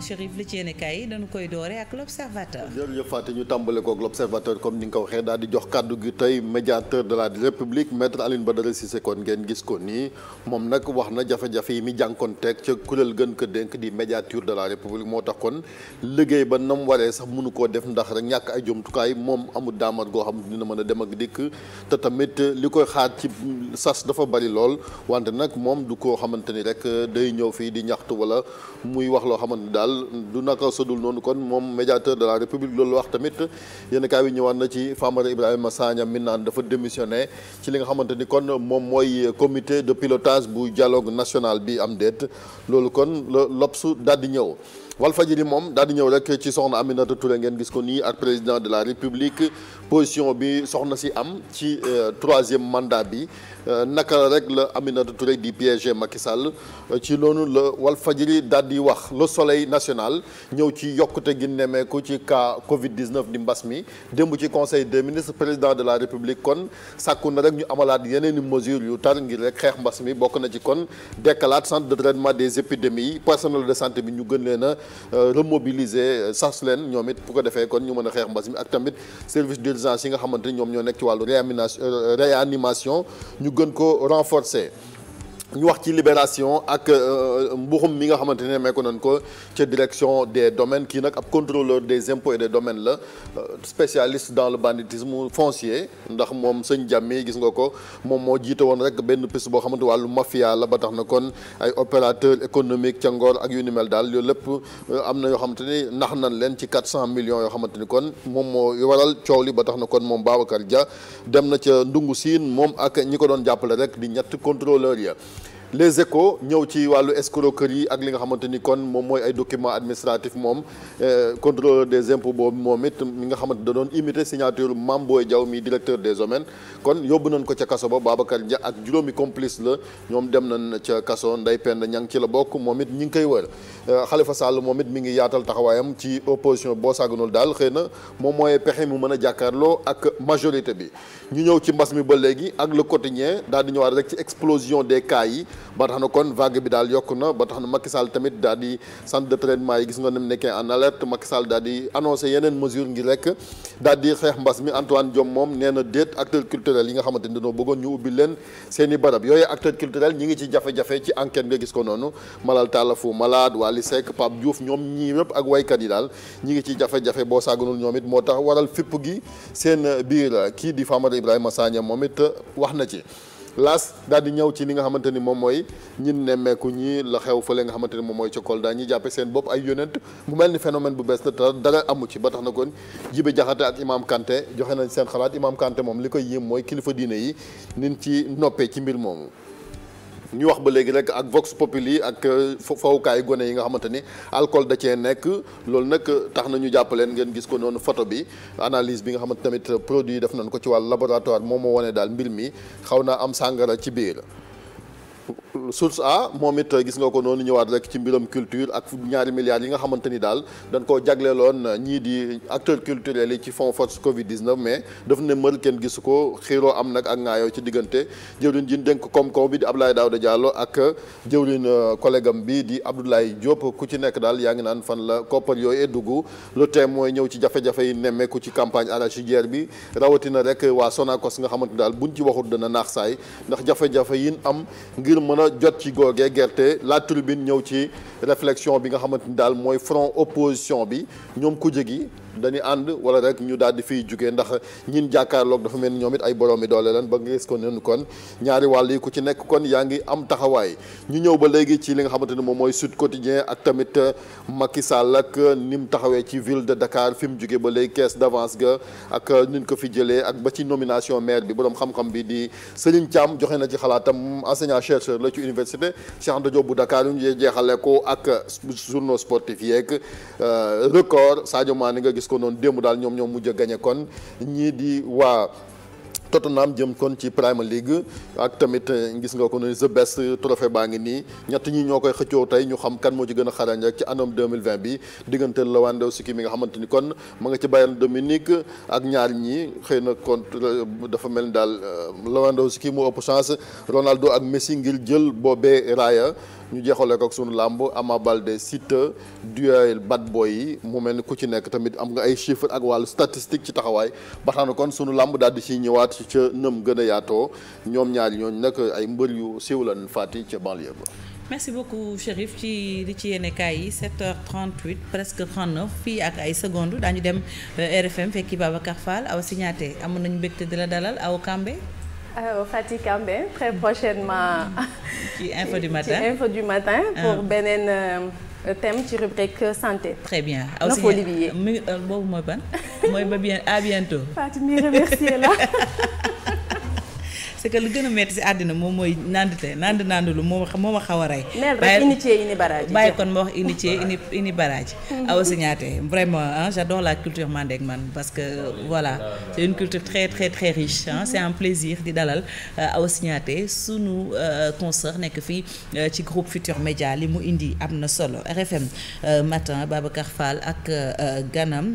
Chérif li ci yéen kaay yi dañu koy doore ak l'observateur jërëjëf Fatou ñu tàmbale koog l'observateur comme ni nga ko waxee daal di jox kàddu gi tey médiateur de la république maître Alioune Badara Cissé kon ngeen gis ko nii moom nag wax na jafe-jafe yi mi jànkoonteeg ca kuréel gën ko dénk di médiateur de la république moo tax kon liggéey ba nam waree sax mënu koo def ndax rek ñàkk ay jumtukaay moom amul daamar goo xam dina mën a dem ak dikk te tamit li koy xaar ci sas dafa bari lool wante nag moom du koo xamante ni rek day ñëw fii di ñaxtu wala muy wax loo xamante daal du naka sodul noonu kon moom médiateur de la république loolu wax tamit yéen kaay wi ñëwaat na ci Famara Ibrahima Sagna mi naan dafa démissionné ci li nga xamante ni kon moom mooy comité de pilotage bu dialogue national bi am déet loolu kon l'Obs daal di ñëw Walfadjri moom daal di ñëw rek ci soxna Aminata Touré ngeen gis ko nii ak président de la République position bi soxna si am ci euh, troisième mandat bi euh, naka la rek la Aminata Touré di piéger Macky Sall euh, ci loolu la Walfadjri daal di wax le soleil national ñëw ci yokkute gi nemmeeku ci cas Covid 19 di mbas mi démb ci conseil des ministres président de la République kon sàkku na rek ñu amalaat yeneen i mesures yu tar ngir rek xeex mbas mi bokk na ci kon dekkalaat centre de traitement des épidémies personnel de bi ñu gën leen a Euh, remobiliser euh, sas leen ñoom it bu ko defee kon ñu mën a xeex mbas mi ak tamit service d'urgence yi nga xamante ni ñoom ñoo nekk ci wàllu euh, réanimation ñu gën ko renforcer ñu wax ci libération ak euh, mbuxum mi nga xamante ne meeku nañ ko ca direction des domaines kii nag ab controleur des impôts et des la euh, spécialiste dans le banditisme foncier ndax moom sëñ jàmmee gis nga ko moom moo jiite woon rek benn piste boo xamante wàllu mafia la ba tax na kon ay opérateur économique ca Ngor ak yu ni daal yooyu lépp euh, am na yoo xamante ni nax nañ leen ci quatre cent millions yoo xamante ni kon moom moo waral coow li ba tax na kon moom Babacar Dia dem na ca Ndungu Siin moom ak ñi ko doon jàppale rek di ñetti contrôleur ya les échos ñëw ci wàllu escroquerie yi ak li nga xamante ni kon moom mooy ay documents administratifs moom euh, contrôleur des impôts boobu moom it mi nga xamante da doon imiter signature Mame Boye Diaw mi directeur des domaines kon yóbbu nañ ko ca kaso ba Babacar ja ak juróomi complice la ñoom dem nañ ca kaso Ndeye Penda ña ngi ci la bokk moom it ñi ngi koy wër euh, Khalifa Sall moom it mi ngi yaatal taxawaayam ci opposition boo sàgganul daal xëy na moom mooy pexe mu mën a jàkkaarloo ak majorité bi ñu ñëw ci mbas mi ba léegi ak le quotidien daal di ñëwaat rek ci explosion des cas yi ba tax na kon vague bi daal yokk na ba tax na Macky Sall tamit daal di centre de traitement yi gis nga ni mu nekkee en alerte Macky Sall daal di annoncé yeneen mesure ngir rek daal di xeex mbas mi Antoine Diome moom nee na déet acteurs culturels yi nga xamante ni dañoo bëggoon ñu ubbi leen seen i barab yooyu acteurs culturels ñi ngi ci jafe-jafe ci enquête nga gis ko noonu Malal Talla Fou Malade Wally Seck Pape Diouf ñoom ñii yëpp ak waykat yi daal ñi ngi ci jafe-jafe boo saaganul ñoom it moo tax waral fipp gi seen biir kii di Famara Ibrahima Sagna moom it wax na ci laas daal di ñëw ci li nga xamante ni moom mooy ñin nemmeeku ñi la xew fële nga xamante ni moom mooy ca Kolda ñi jàppe seen bopp ay yonent mu mel ni phénomène bu bees la te dara amu ci ba tax na kon Jibi Jaxate ak Imam kante joxe nañ seen xalaat Imam Kanté moom li koy yéem mooy kilifa diine yi nin ci noppee ci mbir moomu ñu wax ba léegi rek ak vox populi ak euh, fawukaay gone yi nga xamante ni alcool da cee nekk loolu nag euh, tax na ñu jàpp leen ngeen gis ko noonu photo bi analyse bi nga xamante tamit euh, produit def nañ ko ci wàllu laboratoire moom moo wane daal mbir mi xaw naa am sàngara ci biir. source a moom it gis nga ko noonu ñëwaat rek ci mbiram culture ak ñaari milliards yi nga xamante ni daal dañ koo jagleeloon ñii di acteurs culturels yi ci fond force Covid 19 mais daf ne mër kenn gisu ko xiiroo am nag ak ngaayoo ci diggante jëwriñ ji dénk koom-koom bi di Abdoulaye Daouda Diallo ak jëwriñ euh, collègue am bi di Abdoulaye Diop ku ci nekk daal yaa ngi naan fan la koppar yooyu dugg le thème mooy ñëw ci jafe-jafe yi nemmeeku ci campagne arachidière bi rawatina rek waa Sonacos nga xamante ni daal buñ ci waxut dana naax saay jot ci googee gerte la tribune ñëw ci réflexion bi nga xamante ni daal mooy front opposition bi ñoom kuje gi dañuy ànd wala rek ñu daal di fiy jugee ndax ñin jàkkaarloog dafa mel ni ñoom it ay borom yi doole leen ba nga gis ko noonu kon ñaari wàll yi ku ci nekk kon yaa ngi am taxawaay ñu ñëw ba léegi ci li nga xamante ne moom mooy Sud Quotidien ak tamit euh, Macky Sall ak euh, ni mu taxawee ci ville de Dakar fi mu jugee ba léegi caisse d'avance ga ak euh, ni ñu ko fi jëlee ak ba ci nomination maire bi boroom xam-xam bi di Serigne caam joxe na ci xalaatam enseignant chercheur la ci université Cheikh Anta Diop bu Dakar ñu jeexale ko ak journaux sportifs yeeg record Sadio Mané nga gis kon noonu démb daal ñoom ñoom mujj a gañe kon ñii di waa Tottenham jëm kon ci Premier League ak tamit eh, gis nga ko ne the best trophée baa ngi nii ñett ñi ñoo koy xëccoo tey ñu xam kan moo ci gën a xarañ ci anam 2020 bi diggante Lewandowski mi nga xamante ni kon ma nga ci Bayern Dominique ak ñaar ñi xëy na kon eh, dafa mel ni daal eh, Lewandowski moo ëpp chance Ronaldo ak Messi ngir jël boobee raaya ñu jeexale ko ak sunu làmb Ama Baldé Siteu duel bad boy yi mu mel ni ku ci nekk tamit am nga ay chiffres ak wàllu statistique ci taxawaay ba tax na kon sunu làmb daal di ciy ñëwaat ci ca nëm gën yaatoo ñoom ñaari ñooñ nag ay mbër yu siiw lañ fàtti ca banlieue ba. merci beaucoup Chérif ci li ci yenne kaay yi 7 trent 38 presque 39 fii ak ay secondes daañu dem euh, RFM fekki Babacar Fall aw Signaté am nañu mbégte di la dalal aw Kambe. Euh, Fatick Kambé très prochainement. ci info du matin ci info du matin. pour beneen euh, thème ci rubrique santé. très bien aussi euh, boobu mooy ban. mooy ba bien à bientôt. Fatou la. parce que lu gën a metti si àddina moom mooy nandite nand nand lu moo ma xaw a rey. bàyyi kon ma wax initié ini ini baraaji Awa Signaté vraiment ah j'adore la culture Mandeng man parce que voilà c'est une culture très très très riche c'est un plaisir di dalal euh, Awa su sunu euh, concert nekk fii euh, ci groupe Futur Média li mu indi am na solo RFM matin Babacar Fall ak ganam